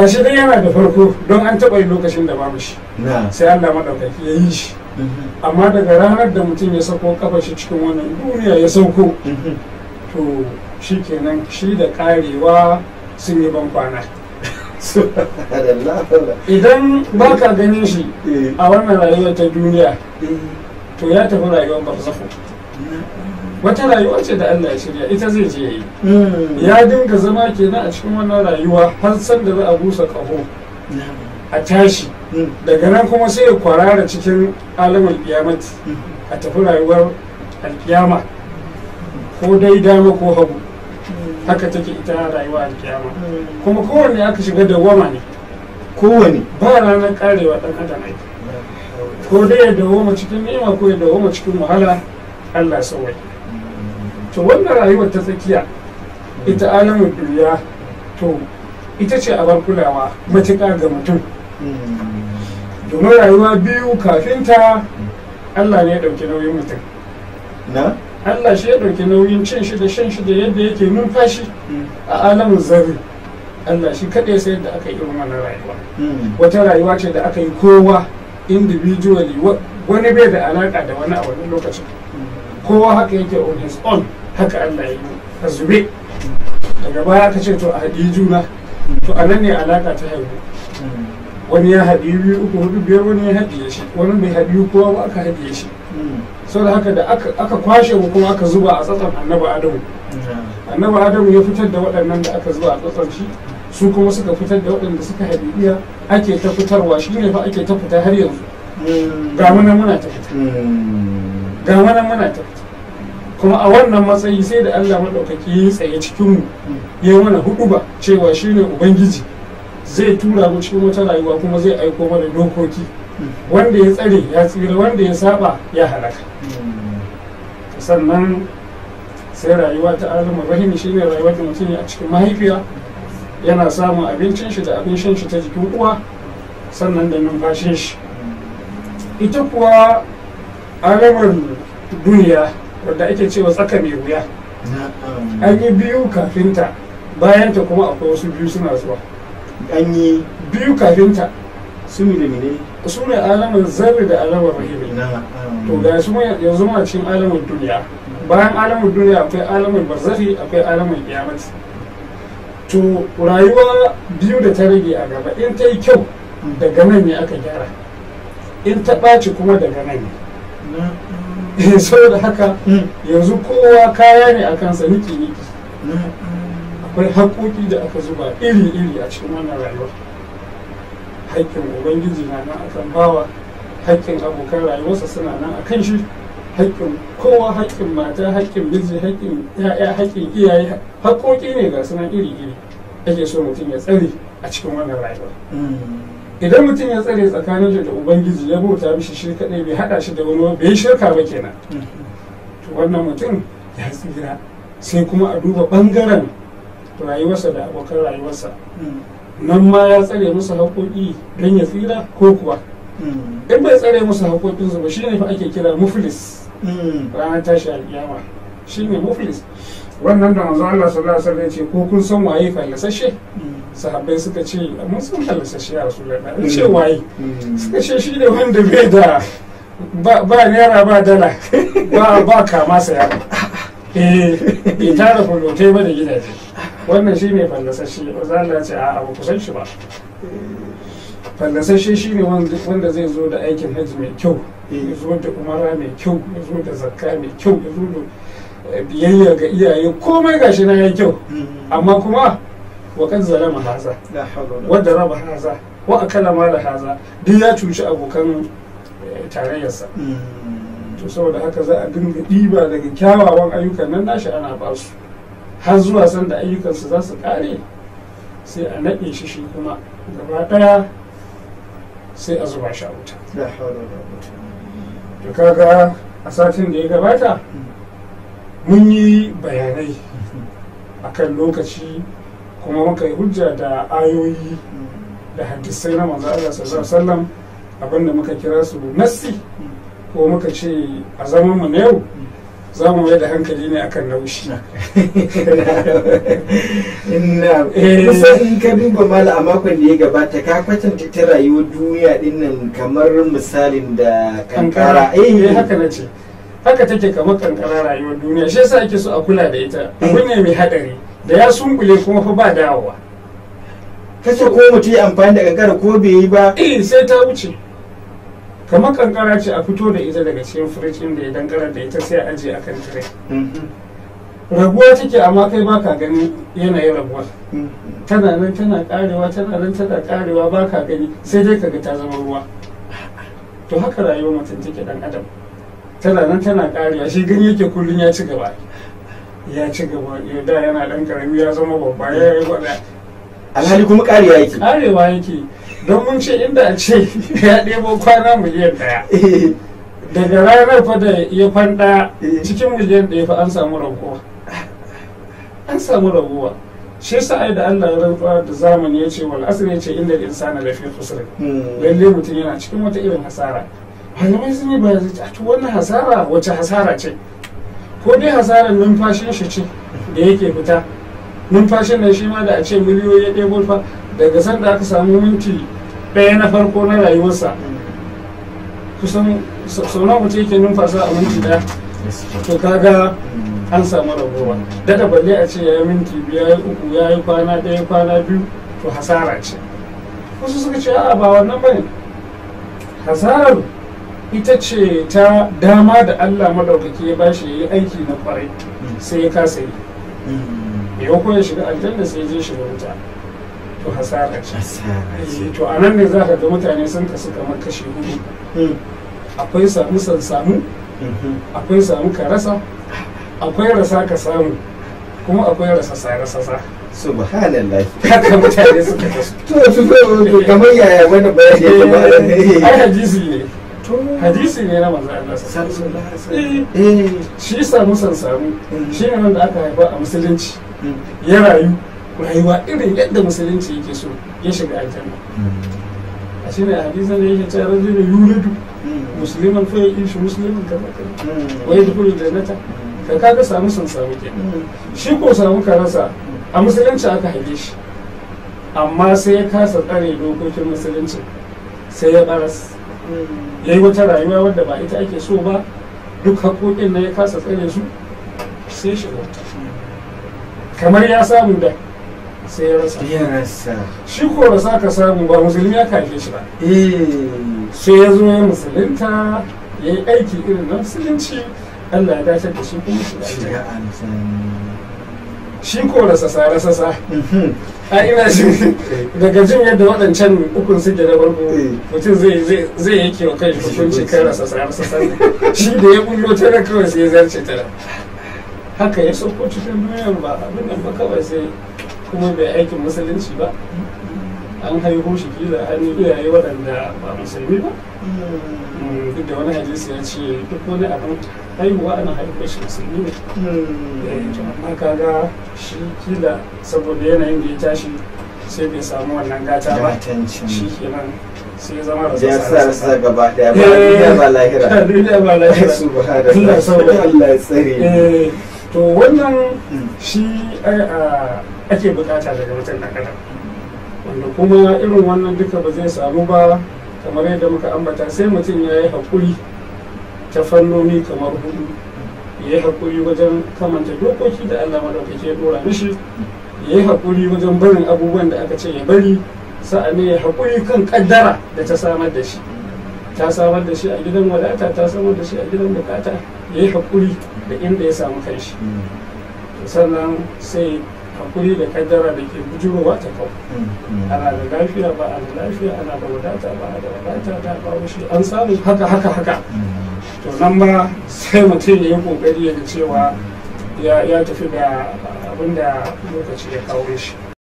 yashi dai yana da farko don an taɓa yi lokacin da babu shi sai Allah maɗaukaki ya yi shi mhm. amma daga ranar da mutum ya sako kafa shi cikin wannan duniya ya sauko mhm. to shi kenan shi da karewa sun yi ban kwana idan ba ka ganin shi eh. a wannan rayuwar ta duniya eh. to ya tafi rayuwar barzakhu mm. wata rayuwa ce da Allah ya shirya ita zai je yi hmm. ya dinga zama kenan a cikin wannan rayuwa har san da za a busa kaho hmm. a tashi hmm. daga nan kuma sai ya kwarara cikin alamar kiyamati a tafi rayuwar alkiyama ko dai dama ko hagu haka take ita rayuwa alkiyama kuma kowane aka shiga da wama ne kowane ba ranar karewa dan adam ko dai ya dawo cikin nema ko ya dawo cikin wahala Allah sawai to wannan rayuwar ta tsakiya ita alamun duniya to ita ce abar kulawa matuƙa ga mutum domin rayuwa biyu kafin ta Allah ne ya ɗauki nauyin mutum na Allah shi ya ɗauki nauyin cin shi da shan shi da yadda yake numfashi a alamun zarri Allah shi kaɗai sai da aka yi irin wannan rayuwa wata rayuwa ce da aka yi kowa individually wani bai da alaƙa da wani a wani lokacin kowa haka yake on his own haka Allah ya yi a zube daga baya ka ce to a haɗi juna to a nan ne alaƙa ta haihu wani ya haɗi biyu uku hudu biyar wani ya haɗiye shi wani mai haɗi kowa ba aka haɗiye shi da haka da aka kwashe mu kuma aka zuba a tsatsan annabi adamu annabi adamu ya fitar da waɗannan da aka zuba a tsatsan shi su kuma suka fitar da waɗanda suka iya ake ta fitarwa shi ne fa ake ta fita har yanzu ga muna muna ta fita ga mana muna ta kuma a wannan matsayi sai da Allah maɗaukaki ya tsaye cikin mu ya mana hudu ba cewa shine ubangiji zai tura mu cikin wata rayuwa kuma zai aiko mana dokoki wanda ya tsare ya tsira wanda ya saba ya halaka sannan sai rayuwa ta arzuma rahimi shine rayuwar da mutum a cikin mahaifiya yana samun abincin shi da abin shan shi ta jikin uwa sannan da numfashin shi ita kuwa alamar. Duniya wadda ake cewa tsaka mai wuya an yi biyu kafinta bayan ta kuma akwai wasu biyu suna zuwa an yi biyu kafinta su ne da ne? su ne alamar zarri da alamar rahimi to ga su yanzu ma cikin alamar duniya bayan alamar duniya akwai alamar barzari akwai alamar kiyamati to rayuwa biyu da ta rage a gaba in ta yi kyau daga nan ne aka gyara in ta ɓaci kuma daga nan ne saboda haka mm. yanzu kowa kaya ne a kansa niki niki mm, akwai haƙoƙi da aka zuba iri iri a cikin wannan rayuwa haƙƙin ubangiji na nan akan bawa haƙƙin abokan rayuwarsa suna nan a kan shi haƙƙin kowa haƙƙin mata haƙƙin miji haƙƙin ya'ya haƙƙin iyaye haƙoƙi ne ga sunan iri iri ake so mutum ya tsare a cikin wannan rayuwa mm. idan mutum ya tsare tsakanin da ubangiji ya bauta mishi shi kadai bai hada shi da wani bai shirka ba kenan to wannan mutum ya tsira sai kuma a duba bangaren rayuwarsa da abokan rayuwarsa nan ma ya tsare musu haƙoƙi don ya tsira ko kuwa in bai tsare musu haƙoƙinsu ba shine fa ake kira muflis ranar tashi alƙiyama shine muflis wannan da manzo Allah sallallahu alaihi wasallam ya ce ko kun san waye fallasashe sahabbai suka ce mun san halasta a su ya ce mm. waye mm. suka ce shi ne wanda bai da ba naira ba dala ba kama saya eh bai tara kulote ba da gidaje wannan shi ne fallasashe ba za a ce a ba kusan shi ba fallasashe shi ne wanda zai zo da aikin hajji mai kyau mm. ya zo da umara mai kyau ya zo da zakka mai kyau ya zo da biyayya ga iyaye komai gashi na ya kyau amma kuma وقد ظلم هذا وضرب هذا ma مال هذا duk ya cuci abokan eh, tarayyarsa hmm. to saboda haka za a dinga ɗiba daga kyawawan ayyukan nan nashi ana ba su har zuwa sanda ayyukansu za su ƙare sai a naɗe shi shi kuma gaba ɗaya sai a zuba shi a wuta to kaga a satin da ya gabata hmm. mun yi bayanai akan lokaci kuma muka yi hujja da ayoyi da hadisai na manzo Allah sallallahu alaihi wasallam abinda muka kira su nassi ko muka ce a zaman mu na yau za mu mai da hankali ne akan naushi eh. kusa in ka duba mala a makon da ya gabata ka kwatanta ta rayuwar duniya dinnan kamar misalin da kankara eh. eh haka na ce haka take kamar kankara rayuwar duniya shi yasa ake so a kula da ita abu ne mai hadari da ya sunkule kuma fa ba dawowa kace ko mutum ya amfani da kankara ko bai yi ba eh sai ta wuce kamar kankara ce a fito da ita daga cikin firij inda ya dankara da ita sai a kan akan tire mhm. raguwa take amma kai ba ka gani yanayin raguwa mhm. tana nan tana karewa tana nan tana karewa ba ka gani sai dai kaga ta zama ruwa to haka rayuwar mutum take dan adam tana nan tana karewa shi gani yake kullum ya ci gaba ya ci gaba da yana dan karami ya zama babba ya yi gwada alhali kuma kariya yake karewa yake don mun ce inda a ce ya ɗebo kwana miliyan ɗaya eh. daga ranar fa da ya fanda eh. cikin miliyan ɗaya fa an samu rabuwa an samu rabuwa shi yasa ai da Allah ya rufa da zamani ya ce wal asri ya ce inda insana lafi khusr hmm. lalle mutum yana cikin wata irin hasara malamai sun yi bayani a wannan hasara wace hasara ce ko dai hasarar numfashin shi ce da yake fita numfashin na shi ma da a ce miliyoyi ya ɗebo fa daga san da aka samu minti ɗaya na farko na rayuwarsa kusan sau na yake numfasa a minti ɗaya to kaga an samu ragowa daga balle a ce ya yi minti biyu ya uku ya yi kwana ɗaya kwana biyu to hasara ce wasu suka ce a ba wannan bane hasarar ita ce ta dama da allah maɗaukaki ya bashi ya yi aiki na kwarai mm. sai ya kasa yi mm. ko ya shiga aljanna sai je shiga wuta to hasara ce eh, to a nan ne za ka ga mutane sun kasu kamar kashe hudu mm. akwai samu san samu mm-hmm. akwai samu ka rasa akwai rasa ka samu kuma akwai rasa sa rasa sa subhanallah ka mutane suka kasu to su kamar yaya wani bayani ya eh, ba ai hadisi ne hadisi ne na manzo Allah eh shi samu san samu eh. shi ne wanda aka haifa a musulunci ya rayu rayuwa irin yadda musulunci yake so ya shiga aljanna hmm. a shi ne hadisa ne yake cewa rajulu yulidu hmm. musliman fa yishu musliman kaza kaza hmm. wa yadkhulu jannata ka kaga samu san samu kenan shi ko samu karasa a musulunci aka haife shi amma sai ya kasa tsare dokokin musulunci sai ya baras ya yi wata rayuwa wadda ba ita ake so ba duk haƙoƙin na ya kasa tsare su sai shi wata kamar ya samu da sai ya rasa ya rasa shi ko rasa ka samu ba musulmi ya kaje shi ba eh. sai ya zo ya musulunta ya yi aiki irin na musulunci Allah ya dace da shi kuma shi da shi ko rasa sa rasa sa mhm. a ina shi daga jin yadda waɗancan ukun suke na farko eh. mutum zai zai yake wa kai hukunci kan rasa sararsa shi da ya bullo tana kawai sai ya zarce tana haka ya sauko cikin duniyan ba abin nan ba kawai sai kuma bai aikin musulunci ba an haihu shi kila an iyaye waɗanda ba musulmi ba mm. duk da wani hadisi ya ce duk wani abin haihuwa ana haihuwa shi musulmi ne mm. eh, amma ga shi kila saboda yanayin da ya tashi sai bai samu wannan gata ba shi kenan sai zama da ya sa rasa gaba daya ba duniya ba lahira duniya ba lahira subhanallah saboda Allah ya tsare eh, to wannan mm. shi eh, ah, ake bukata daga mutum da kadan wanda kuma irin wannan duka ba zai samu ba kamar yadda muka ambata sai mutum ya yi haƙuri ta fannoni kamar hudu ya yi haƙuri wajen kamanta dokoki da allah maɗaukaki ya ɗora mishi ya yi haƙuri wajen barin abubuwan da aka ce ya bari sa'ani ya haƙuri kan ƙaddara da ta samar da shi ta samar da shi a gidan wadata ta samar da shi a gidan bukata ya yi haƙuri da inda ya samu kanshi hmm. sannan sai hakuri da kaddara da ke bujurowa ta kawo mm-hmm. ana da lafiya ba a da lafiya ana da wadata ba a da wadata ta kawo shi an samu haka haka haka mm-hmm. to nan ba sai mutum ya yi kokari ya cewa ya tafi da abinda da lokaci ya kawo shi